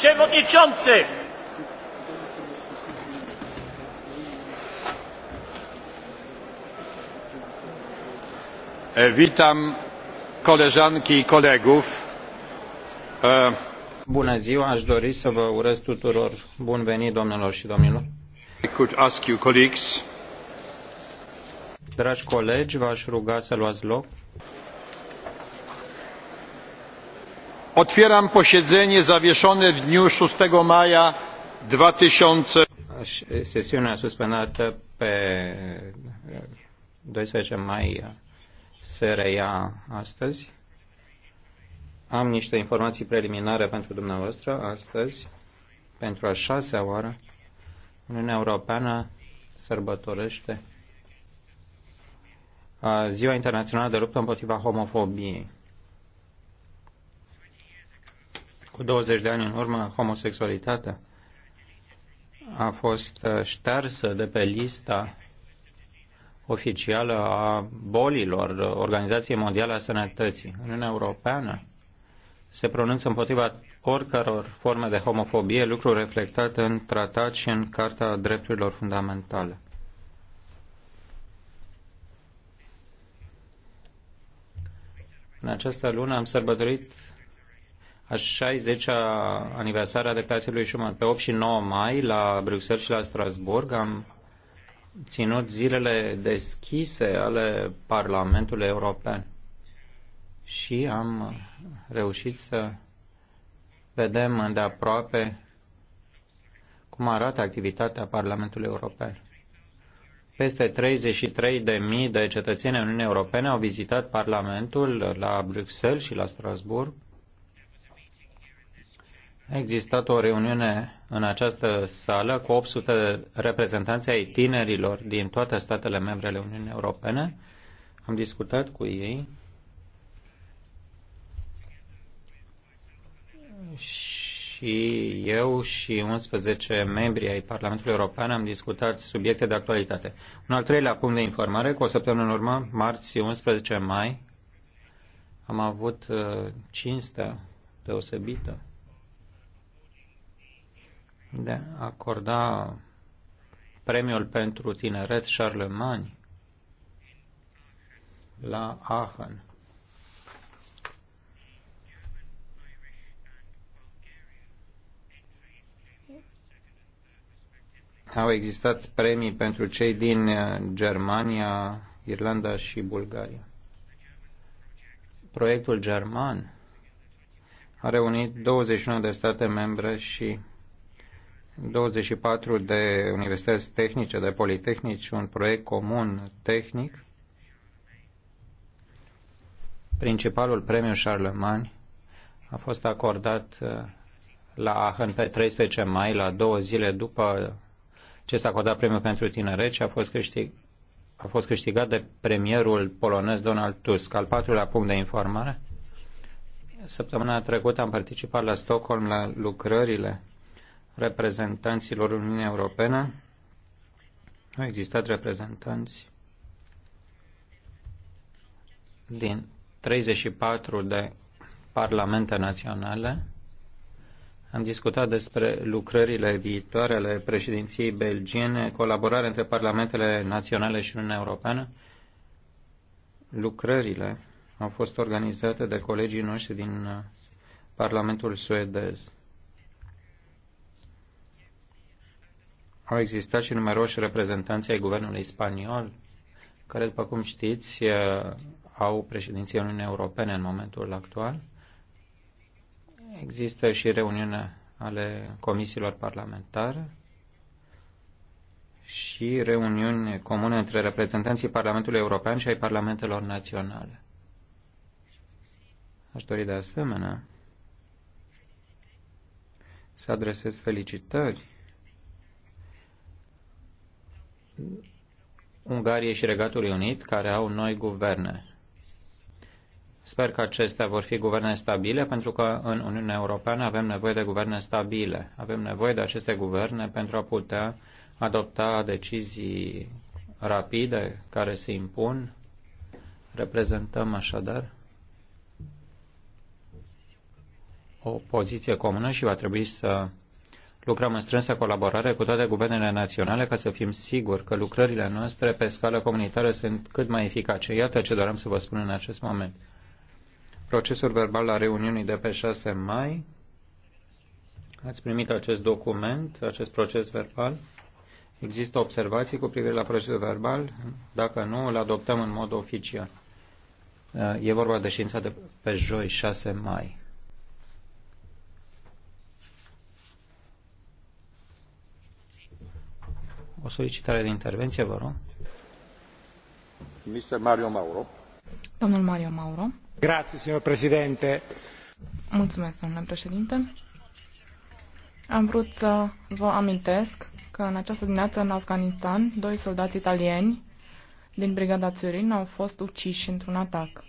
Przewodniczący! Witam koleżanki i kolegów. Bună ziua, aș dori să vă urez tuturor bun venit, domnilor și domnilor. I could ask you, colleagues. Dragi colegi, v-aș ruga să luați loc. Otwieram posiedzenie zawieszone w dniu 6 maja 2000. Sesiunea suspendată pe 12 mai se reia astăzi. Am niște informații preliminare pentru dumneavoastră astăzi. Pentru a șasea oară, Uniunea Europeană sărbătorește Ziua Internațională de Luptă împotriva Homofobiei. Cu 20 de ani în urmă, homosexualitatea a fost uh, ștersă de pe lista oficială a bolilor uh, Organizației Mondiale a Sănătății. Uniunea Europeană se pronunță împotriva oricăror forme de homofobie, lucru reflectat în tratat și în Carta Drepturilor Fundamentale. În această lună am sărbătorit a 60-a aniversare a declarației lui Schuman. Pe 8 și 9 mai, la Bruxelles și la Strasburg, am ținut zilele deschise ale Parlamentului European și am reușit să vedem îndeaproape cum arată activitatea Parlamentului European. Peste 33.000 de cetățeni ai Uniunii Europene au vizitat Parlamentul la Bruxelles și la Strasburg a existat o reuniune în această sală cu 800 de reprezentanți ai tinerilor din toate statele membre ale Uniunii Europene. Am discutat cu ei și eu și 11 membri ai Parlamentului European am discutat subiecte de actualitate. Un al treilea punct de informare, cu o săptămână în urmă, marți 11 mai, am avut uh, cinstea deosebită de a acorda premiul pentru tineret Charlemagne la Aachen. Au existat premii pentru cei din uh, Germania, Irlanda și Bulgaria. Proiectul german a reunit 21 de state membre și 24 de universități tehnice, de politehnici, un proiect comun tehnic. Principalul premiu Charlemagne a fost acordat uh, la Aachen pe 13 mai, la două zile după ce s-a acordat premiul pentru tineret și a fost, câștig, a fost câștigat de premierul polonez Donald Tusk. Al patrulea punct de informare. Săptămâna trecută am participat la Stockholm la lucrările reprezentanților Uniunii Europene. Au existat reprezentanți din 34 de parlamente naționale. Am discutat despre lucrările viitoare ale președinției belgiene, colaborare între parlamentele naționale și Uniunea Europeană. Lucrările au fost organizate de colegii noștri din uh, Parlamentul suedez. Au existat și numeroși reprezentanți ai guvernului spaniol, care, după cum știți, au președinția Uniunii Europene în momentul actual. Există și reuniunea ale comisiilor parlamentare și reuniuni comune între reprezentanții Parlamentului European și ai Parlamentelor Naționale. Aș dori de asemenea să adresez felicitări Ungarie și Regatul Unit, care au noi guverne. Sper că acestea vor fi guverne stabile, pentru că în Uniunea Europeană avem nevoie de guverne stabile. Avem nevoie de aceste guverne pentru a putea adopta decizii rapide care se impun. Reprezentăm așadar o poziție comună și va trebui să Lucrăm în strânsă colaborare cu toate guvernele naționale ca să fim siguri că lucrările noastre pe scală comunitară sunt cât mai eficace. Iată ce doream să vă spun în acest moment. Procesul verbal la reuniunii de pe 6 mai. Ați primit acest document, acest proces verbal. Există observații cu privire la procesul verbal? Dacă nu, îl adoptăm în mod oficial. E vorba de știința de pe joi, 6 mai. solicitare de intervenție, vă rog. Mr. Mario Mauro. Domnul Mario Mauro. Grazie, signor Presidente. Mulțumesc, domnule președinte. Am vrut să vă amintesc că în această dimineață în Afganistan, doi soldați italieni din brigada Țurin au fost uciși într-un atac.